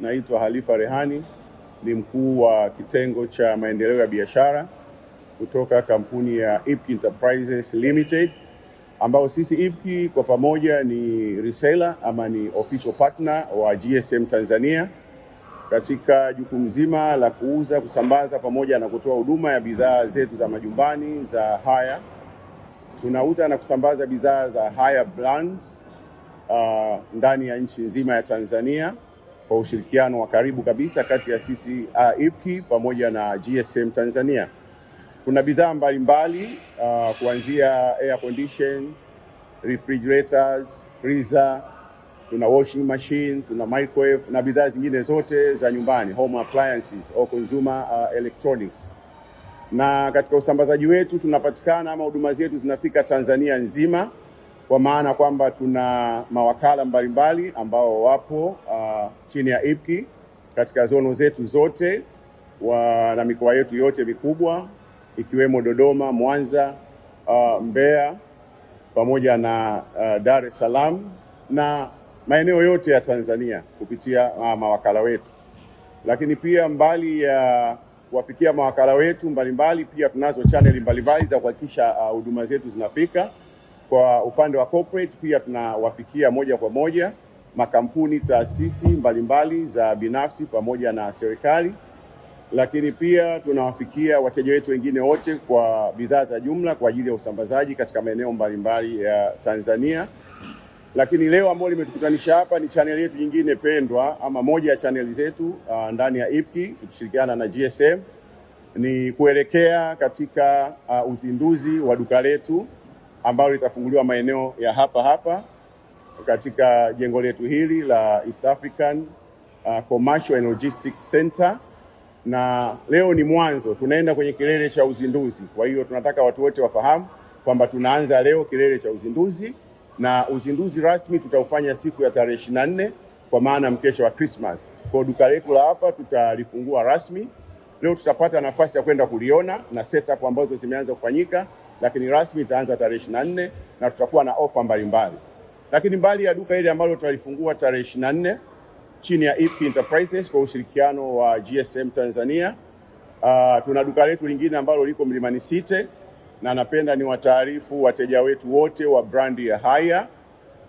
naitwa Halifa Rehani, ni mkuu wa kitengo cha maendeleo ya biashara kutoka kampuni ya IPKI Enterprises Limited, ambao sisi IPKI kwa pamoja ni reseller ama ni official partner wa GSM Tanzania katika jukumu zima la kuuza, kusambaza pamoja na kutoa huduma ya bidhaa zetu za majumbani za haya. Tunauza na kusambaza bidhaa za haya brands uh, ndani ya nchi nzima ya Tanzania kwa ushirikiano wa karibu kabisa kati ya sisi uh, pamoja na GSM Tanzania. Kuna bidhaa mbalimbali uh, kuanzia air conditions, refrigerators, freezer, tuna washing machine, tuna microwave na bidhaa zingine zote za nyumbani, home appliances au consumer uh, electronics. Na katika usambazaji wetu tunapatikana ama huduma zetu zinafika Tanzania nzima kwa maana kwamba tuna mawakala mbalimbali ambao wapo uh, chini ya IPKI katika zono zetu zote wa, na mikoa yetu yote mikubwa ikiwemo Dodoma, Mwanza, uh, Mbeya pamoja na uh, Dar es Salaam na maeneo yote ya Tanzania kupitia uh, mawakala wetu. Lakini pia mbali ya uh, kuwafikia mawakala wetu mbalimbali mbali, pia tunazo chaneli mbalimbali za kuhakikisha uh, huduma uh, zetu zinafika kwa upande wa corporate pia tunawafikia moja kwa moja makampuni, taasisi mbalimbali za binafsi pamoja na serikali, lakini pia tunawafikia wateja wetu wengine wote kwa bidhaa za jumla kwa ajili ya usambazaji katika maeneo mbalimbali ya Tanzania. Lakini leo ambao limetukutanisha hapa ni chaneli yetu nyingine pendwa ama moja ya chaneli zetu uh, ndani ya IPKI tukishirikiana na GSM ni kuelekea katika uh, uzinduzi wa duka letu ambalo litafunguliwa maeneo ya hapa hapa katika jengo letu hili la East African uh, Commercial and Logistics Center, na leo ni mwanzo, tunaenda kwenye kilele cha uzinduzi. Kwa hiyo tunataka watu wote wafahamu kwamba tunaanza leo kilele cha uzinduzi, na uzinduzi rasmi tutaufanya siku ya tarehe ishirini na nne kwa maana mkesha wa Christmas. Kwa duka letu la hapa tutalifungua rasmi leo, tutapata nafasi ya kwenda kuliona na setup ambazo zimeanza kufanyika lakini rasmi itaanza tarehe 24 na tutakuwa na ofa mbalimbali. Lakini mbali ya duka hili ambalo tutalifungua tarehe 24 chini ya EP Enterprises kwa ushirikiano wa GSM Tanzania, uh, tuna duka letu lingine ambalo liko Mlimani City na napenda ni wataarifu wateja wetu wote wa brandi ya Haya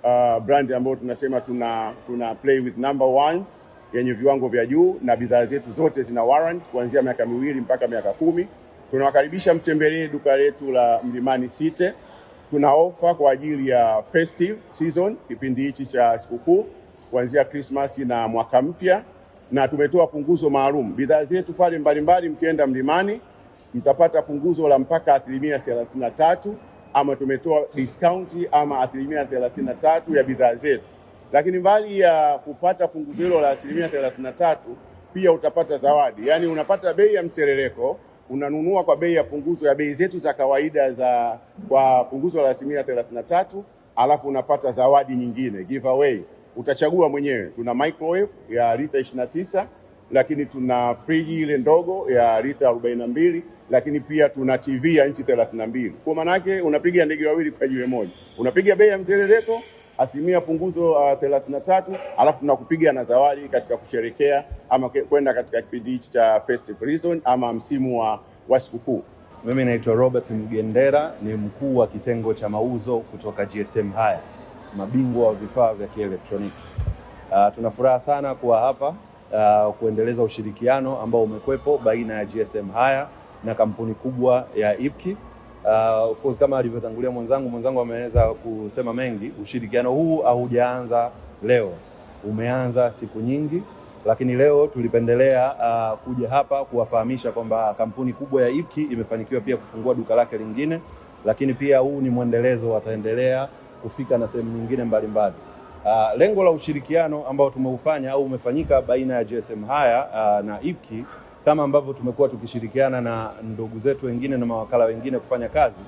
uh, ah, brandi ambayo tunasema tuna, tuna play with number ones yenye viwango vya juu na bidhaa zetu zote zina warrant kuanzia miaka miwili mpaka miaka kumi. Tunawakaribisha mtembelee duka letu la Mlimani City. Tuna ofa kwa ajili ya festive season, kipindi hichi cha sikukuu kuanzia Christmas na mwaka mpya, na tumetoa punguzo maalum bidhaa zetu pale mbalimbali. Mkienda Mlimani mtapata punguzo la mpaka asilimia thelathini na tatu ama tumetoa discount ama asilimia thelathini na tatu ya bidhaa zetu, lakini mbali ya kupata punguzo hilo la asilimia thelathini na tatu pia utapata zawadi, yaani unapata bei ya mserereko unanunua kwa bei ya punguzo ya bei zetu za kawaida za kwa punguzo la asilimia thelathini na tatu alafu unapata zawadi nyingine giveaway. Utachagua mwenyewe. Tuna microwave ya lita ishirini na tisa lakini tuna friji ile ndogo ya lita arobaini na mbili lakini pia tuna TV ya inchi thelathini na mbili Kwa maana yake unapiga ndege wawili kwa jiwe moja, unapiga bei ya mzerereko asilimia punguzo uh, thelathini na tatu alafu tunakupiga na zawadi katika kusherekea ama kwenda katika kipindi hichi cha festive season ama msimu wa, wa sikukuu. Mimi naitwa Robert Mgendera, ni mkuu wa kitengo cha mauzo kutoka GSM Haya, mabingwa wa vifaa vya kielektroniki. Uh, ah, tuna furaha sana kuwa hapa uh, kuendeleza ushirikiano ambao umekwepo baina ya GSM Haya na kampuni kubwa ya IPKI Uh, of course kama alivyotangulia mwenzangu mwenzangu ameweza kusema mengi. Ushirikiano huu haujaanza leo, umeanza siku nyingi, lakini leo tulipendelea uh, kuja hapa kuwafahamisha kwamba kampuni kubwa ya IPKI imefanikiwa pia kufungua duka lake lingine, lakini pia huu ni mwendelezo, wataendelea kufika na sehemu nyingine mbalimbali. Uh, lengo la ushirikiano ambao tumeufanya au umefanyika baina ya GSM haya uh, na IPKI kama ambavyo tumekuwa tukishirikiana na ndugu zetu wengine na mawakala wengine kufanya kazi,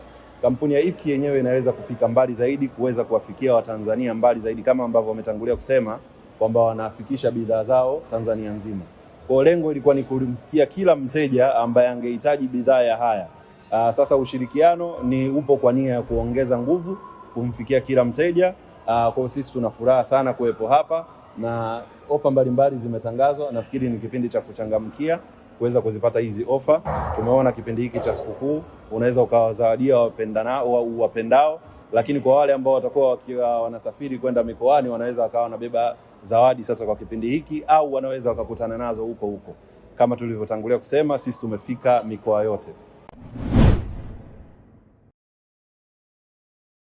kampuni ya IPCI yenyewe inaweza kufika mbali zaidi kuweza kuwafikia Watanzania mbali zaidi, kama ambavyo wametangulia kusema kwamba wanafikisha bidhaa zao Tanzania nzima. Kwa lengo ilikuwa ni kumfikia kila mteja ambaye angehitaji bidhaa ya haya. Aa, ah, sasa ushirikiano ni upo kwa nia ya kuongeza nguvu kumfikia kila mteja. Aa, ah, kwa sisi tuna furaha sana kuwepo hapa na ofa mbalimbali zimetangazwa. Nafikiri ni kipindi cha kuchangamkia kuweza kuzipata hizi ofa. Tumeona kipindi hiki cha sikukuu unaweza ukawazawadia wapendao, lakini kwa wale ambao watakuwa wakiwa wanasafiri kwenda mikoani wanaweza wakawa wanabeba zawadi sasa kwa kipindi hiki, au wanaweza wakakutana nazo huko huko. Kama tulivyotangulia kusema, sisi tumefika mikoa yote.